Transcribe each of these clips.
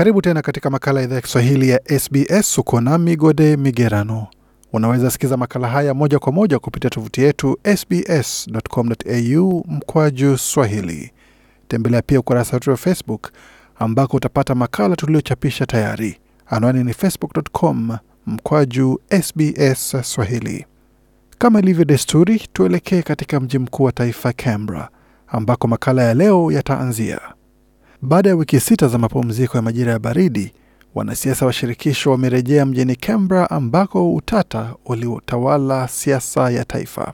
Karibu tena katika makala ya idhaa ya Kiswahili ya SBS. Uko nami Gode Migerano. Unaweza sikiza makala haya moja kwa moja kupitia tovuti yetu sbs.com.au mkwaju swahili. Tembelea pia ukurasa wetu wa Facebook ambako utapata makala tuliochapisha tayari. Anwani ni facebook.com mkwaju sbs swahili. Kama ilivyo desturi, tuelekee katika mji mkuu wa taifa Canberra, ambako makala ya leo yataanzia. Baada ya wiki sita za mapumziko ya majira ya baridi, wanasiasa wa shirikisho wamerejea mjini Canberra ambako utata uliotawala siasa ya taifa.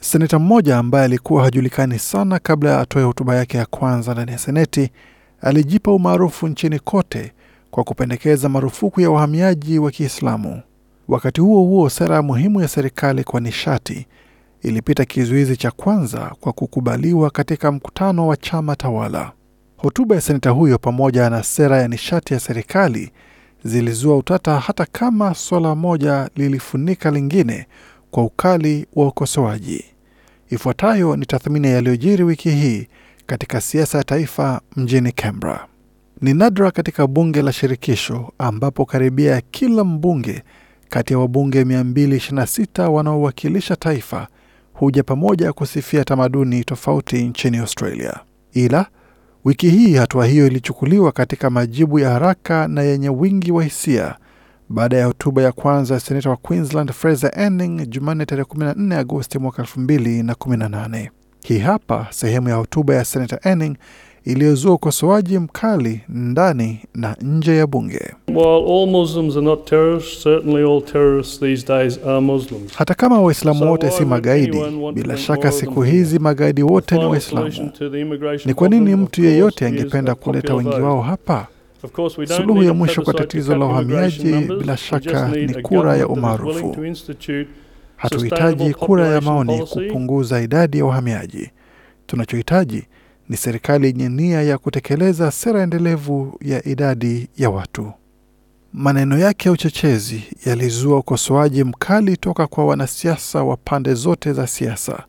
Seneta mmoja ambaye alikuwa hajulikani sana kabla ya atoe hotuba yake ya kwanza ndani ya Seneti alijipa umaarufu nchini kote kwa kupendekeza marufuku ya uhamiaji wa Kiislamu. Wakati huo huo, sera muhimu ya serikali kwa nishati ilipita kizuizi cha kwanza kwa kukubaliwa katika mkutano wa chama tawala. Hotuba ya seneta huyo pamoja na sera ya nishati ya serikali zilizua utata, hata kama swala moja lilifunika lingine kwa ukali wa ukosoaji. Ifuatayo ni tathmini yaliyojiri wiki hii katika siasa ya taifa mjini Canberra. Ni nadra katika bunge la shirikisho ambapo karibia kila mbunge kati ya wabunge 226 wanaowakilisha taifa huja pamoja kusifia tamaduni tofauti nchini Australia, ila Wiki hii hatua hiyo ilichukuliwa katika majibu ya haraka na yenye wingi wa hisia baada ya hotuba ya kwanza ya seneta wa Queensland Fraser Anning Jumanne tarehe 14 Agosti mwaka 2018. Hii hapa sehemu ya hotuba ya seneta Anning iliyozua ukosoaji mkali ndani na nje ya bunge. Hata kama Waislamu wote si magaidi, bila shaka siku hizi magaidi wote ni Waislamu. Ni kwa nini mtu yeyote angependa kuleta wengi wao hapa? Suluhu ya mwisho kwa tatizo la uhamiaji bila shaka ni kura ya umaarufu. Hatuhitaji kura ya maoni kupunguza idadi ya uhamiaji Tunachohitaji ni serikali yenye nia ya kutekeleza sera endelevu ya idadi ya watu. Maneno yake ya uchochezi yalizua ukosoaji mkali toka kwa wanasiasa wa pande zote za siasa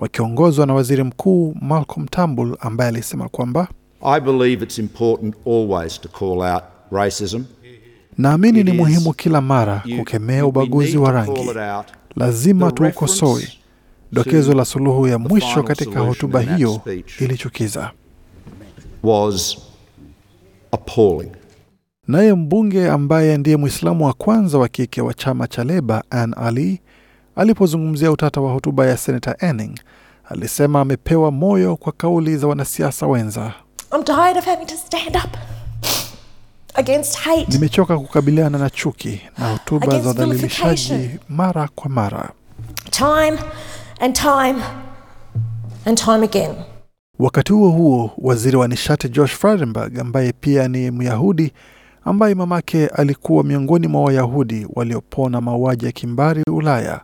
wakiongozwa na waziri mkuu Malcolm Turnbull ambaye alisema kwamba I believe it's important always to call out racism. Naamini ni muhimu kila mara kukemea ubaguzi wa rangi. Lazima tuukosoe Dokezo la suluhu ya mwisho katika hotuba hiyo ilichukiza. Naye mbunge ambaye ndiye Mwislamu wa kwanza wa kike wa chama cha Leba, Ann Ali, alipozungumzia utata wa hotuba ya Senata Enning, alisema amepewa moyo kwa kauli za wanasiasa wenza. Nimechoka kukabiliana na chuki na hotuba za udhalilishaji mara kwa mara. Time and time and time again. Wakati huo huo, waziri wa nishati Josh Frydenberg ambaye pia ni Myahudi ambaye mamake alikuwa miongoni mwa Wayahudi waliopona mauaji ya kimbari Ulaya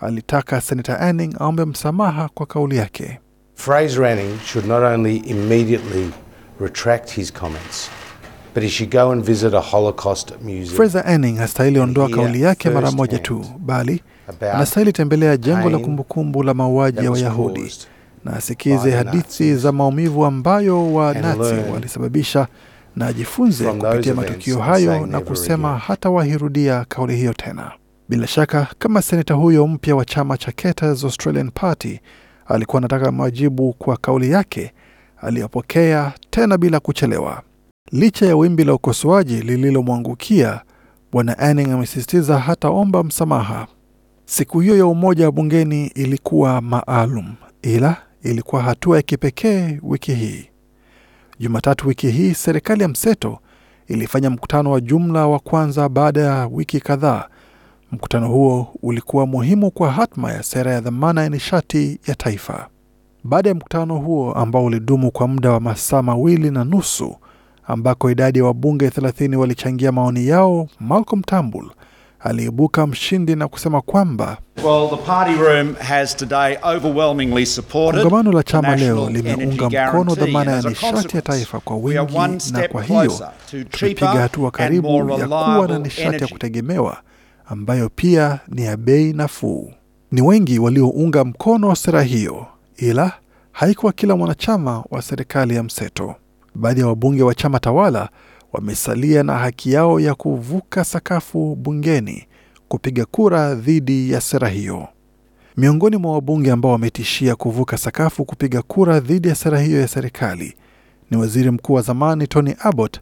alitaka Senator Anning aombe msamaha kwa kauli yake. Fraser Anning should not only immediately retract his comments but he should go and visit a Holocaust museum. Fraser Anning hastahili ondoa kauli yake mara moja tu, bali anastahili tembelea jengo la kumbukumbu la mauaji ya Wayahudi na asikize hadithi za maumivu ambayo Wanazi walisababisha na ajifunze kupitia matukio hayo na kusema wahirudia kauli hiyo tena. Bila shaka, kama seneta huyo mpya wa chama cha Katter's Australian Party alikuwa anataka majibu kwa kauli yake, aliyopokea tena bila kuchelewa. Licha ya wimbi la ukosoaji lililomwangukia, Bwana Anning amesisitiza hataomba msamaha. Siku hiyo ya umoja wa bungeni ilikuwa maalum, ila ilikuwa hatua ya kipekee wiki hii. Jumatatu wiki hii serikali ya mseto ilifanya mkutano wa jumla wa kwanza baada ya wiki kadhaa. Mkutano huo ulikuwa muhimu kwa hatma ya sera ya dhamana ya nishati ya taifa. Baada ya mkutano huo ambao ulidumu kwa muda wa masaa mawili na nusu, ambako idadi ya wabunge 30 walichangia maoni yao, Malcolm Turnbull aliibuka mshindi na kusema kwamba kongamano la chama leo limeunga mkono dhamana ya nishati ya taifa kwa wingi, na kwa hiyo tumepiga hatua karibu ya kuwa na nishati ya kutegemewa ambayo pia ni ya bei nafuu. Ni wengi waliounga mkono sera hiyo, ila haikuwa kila mwanachama wa serikali ya mseto. Baadhi ya wabunge wa chama tawala wamesalia na haki yao ya kuvuka sakafu bungeni kupiga kura dhidi ya sera hiyo. Miongoni mwa wabunge ambao wametishia kuvuka sakafu kupiga kura dhidi ya sera hiyo ya serikali ni waziri mkuu wa zamani Tony Abbott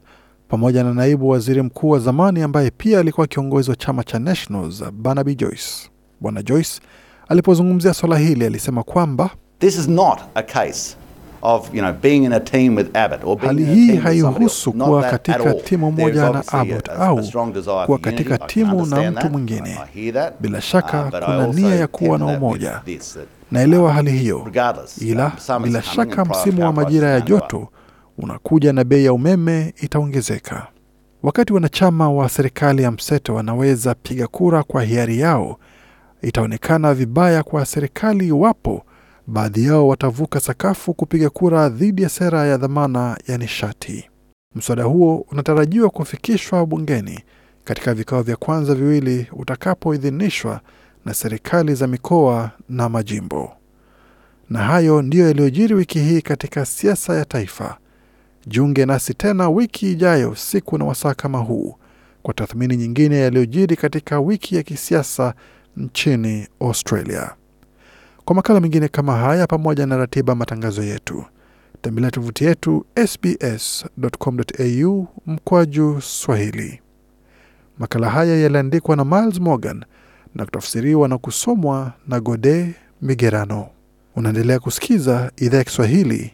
pamoja na naibu waziri mkuu wa zamani ambaye pia alikuwa kiongozi wa chama cha Nationals Barnaby Joyce. Bwana Joyce alipozungumzia swala hili alisema kwamba This is not a case Of, you know, being in a team with Abbott, or being hali hii haihusu kuwa katika timu moja na Abbott au kuwa katika timu na mtu mwingine. Bila shaka uh, kuna nia ya kuwa na umoja this, naelewa um, hali hiyo, ila um, bila shaka msimu wa majira ya joto unakuja na bei ya umeme itaongezeka. Wakati wanachama wa serikali ya mseto wanaweza piga kura kwa hiari yao, itaonekana vibaya kwa serikali iwapo baadhi yao watavuka sakafu kupiga kura dhidi ya sera ya dhamana ya nishati. Mswada huo unatarajiwa kufikishwa bungeni katika vikao vya kwanza viwili utakapoidhinishwa na serikali za mikoa na majimbo. Na hayo ndiyo yaliyojiri wiki hii katika siasa ya taifa. Jiunge nasi tena wiki ijayo, siku na wasaa kama huu, kwa tathmini nyingine yaliyojiri katika wiki ya kisiasa nchini Australia. Kwa makala mengine kama haya, pamoja na ratiba matangazo yetu, tembelea tovuti yetu sbs.com.au mkwaju Swahili. Makala haya yaliandikwa na Miles Morgan na kutafsiriwa na kusomwa na Gode Migerano. Unaendelea kusikiza idhaa ya Kiswahili